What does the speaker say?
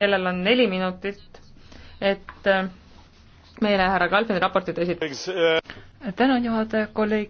kellel on neli minutit, et äh, meile härra Kalvini raportit esitada. Äh. tänan, juhataja, kolleeg.